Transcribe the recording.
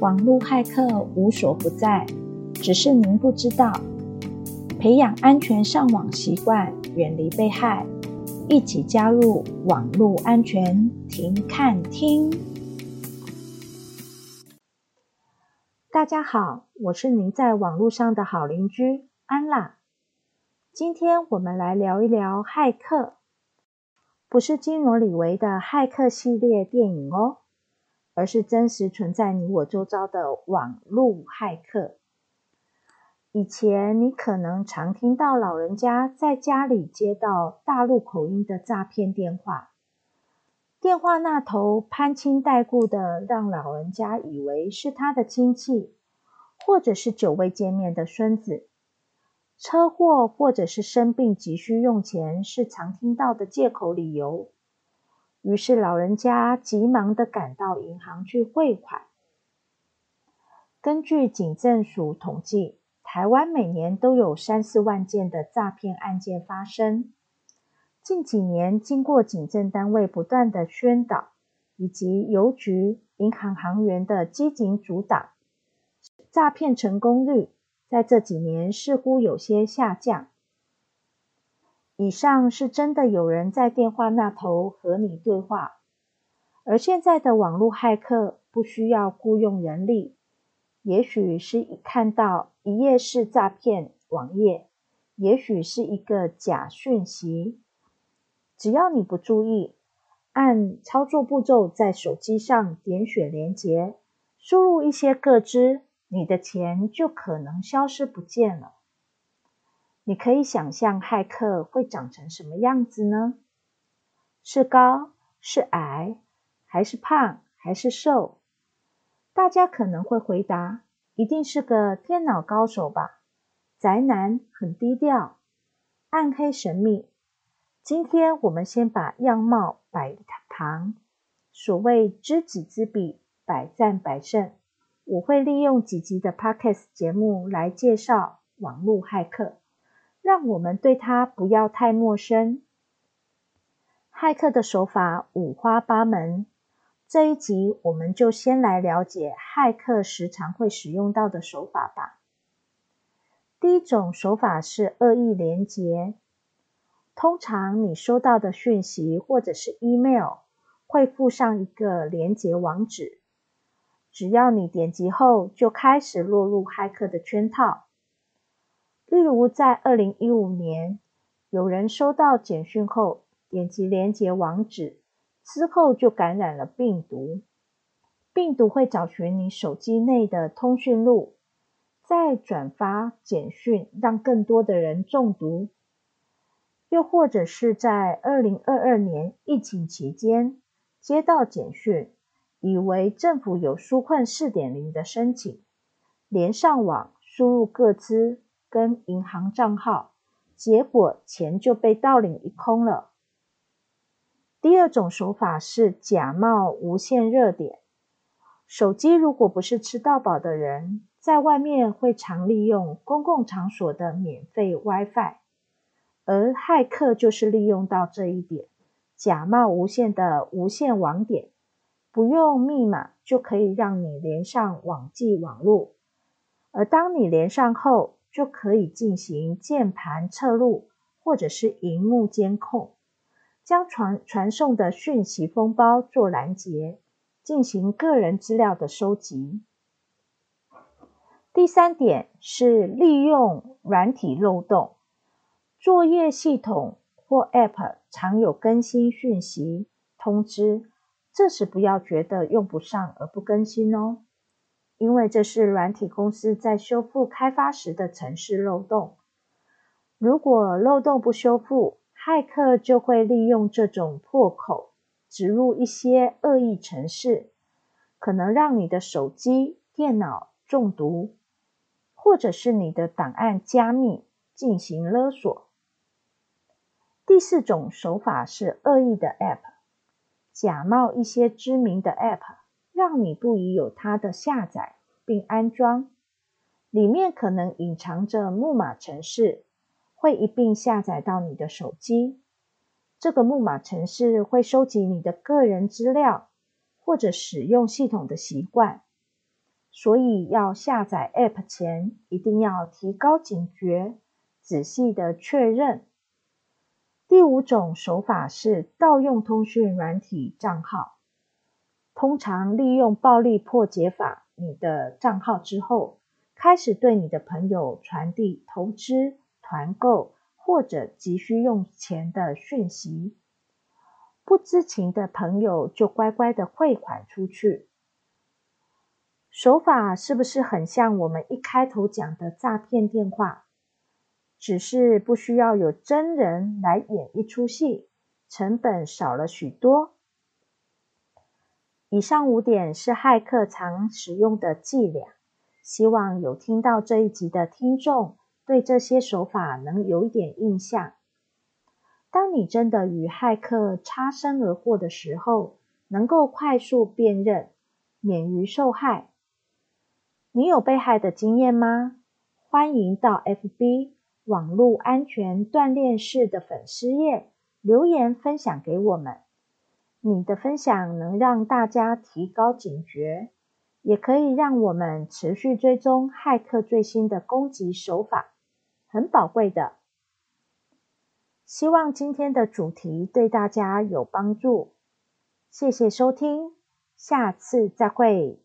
網絡駭客無所不在，只是您不知道。培養安全上網習慣，遠離被害，一起加入網絡安全停看聽。大家好，我是您在網絡上的好鄰居安啦。今天我們來聊一聊駭客，不是基努李維的駭客系列電影哦。而是真實存在你我周遭的網路駭客。以前你可能常聽到老人家在家裡接到大陸口音的詐騙電話，電話那頭攀親帶故的，讓老人家以為是他的親戚，或者是久未見面的孫子。車禍或者是生病急需用錢，是常聽到的借口理由。於是，老人家急忙的趕到銀行去匯款。根據警政署統計，台灣每年都有三四萬件的詐騙案件發生。近幾年，經過警政單位不斷的宣導，以及郵局、銀行行員的積極阻擋，詐騙成功率在這幾年似乎有些下降。以上是真的有人在電話那頭和你對話，而現在的網絡駭客不需要僱傭人力，也許是一看到一頁式詐騙網頁，也許是一個假訊息，只要你不注意，按操作步驟在手機上點選連結，輸入一些個資，你的錢就可能消失不見了。你可以想象駭客會長成什麼樣子呢？是高是矮，還是胖還是瘦？大家可能會回答，一定是個電腦高手吧？宅男很低調，暗黑神秘。今天我們先把樣貌擺一旁，所謂知己知彼，百戰百勝。我會利用幾集的 Podcast 節目來介紹網絡駭客。讓我們對它不要太陌生。駭客的手法五花八門，這一集我們就先來了解駭客時常會使用到的手法吧。第一種手法是惡意連結，通常你收到的訊息或者是 email 會附上一個連結網址，只要你點擊後，就開始落入駭客的圈套。例如，在二零一五年，有人收到簡訊後點擊連結網址，之後就感染了病毒。病毒會找尋你手機內的通訊錄，再轉發簡訊，讓更多的人中毒。又或者是在二零二二年疫情期間，接到簡訊，以為政府有紓困四點零的申請，連上網輸入個資。跟銀行賬號，結果錢就被盜領一空了。第二種手法是假冒無線熱點。手機如果不是吃到飽的人，在外面會常利用公共場所的免費 WiFi，而駭客就是利用到這一點，假冒無線的無線網點，不用密碼就可以讓你連上網際網絡，而當你連上後，就可以進行鍵盤側錄，或者是螢幕監控，將傳傳送的訊息封包做攔截，進行個人資料的收集。第三點是利用軟體漏洞，作業系統或 App 常有更新訊息通知，這時不要覺得用不上而不更新哦。因為這是軟體公司在修復開發時的程式漏洞，如果漏洞不修復，駭客就會利用這種破口植入一些惡意程式，可能讓你的手機、電腦中毒，或者是你的檔案加密進行勒索。第四種手法是惡意的 App，假冒一些知名的 App。讓你不疑有他的下載並安裝，裡面可能隱藏着木馬程式，會一併下載到你的手機。這個木馬程式會收集你的個人資料或者使用系統的習慣，所以要下載 App 前一定要提高警覺，仔細的確認。第五種手法是盜用通訊軟體賬號。通常利用暴力破解法你的賬號之後，開始對你的朋友傳遞投資、團購或者急需用錢的訊息，不知情的朋友就乖乖的匯款出去。手法是不是很像我們一開頭講的詐騙電話？只是不需要有真人來演一出戲，成本少了許多。以上五點是駭客常使用的伎倆，希望有聽到這一集的聽眾對這些手法能有一點印象。當你真的與駭客擦身而過的時候，能夠快速辨認，免於受害。你有被駭的經驗嗎？歡迎到 FB 網路安全鍛鍊室的粉絲頁留言分享給我們。你的分享能讓大家提高警覺，也可以讓我們持續追蹤駭客最新的攻擊手法，很寶貴的。希望今天的主題對大家有幫助，謝謝收聽，下次再會。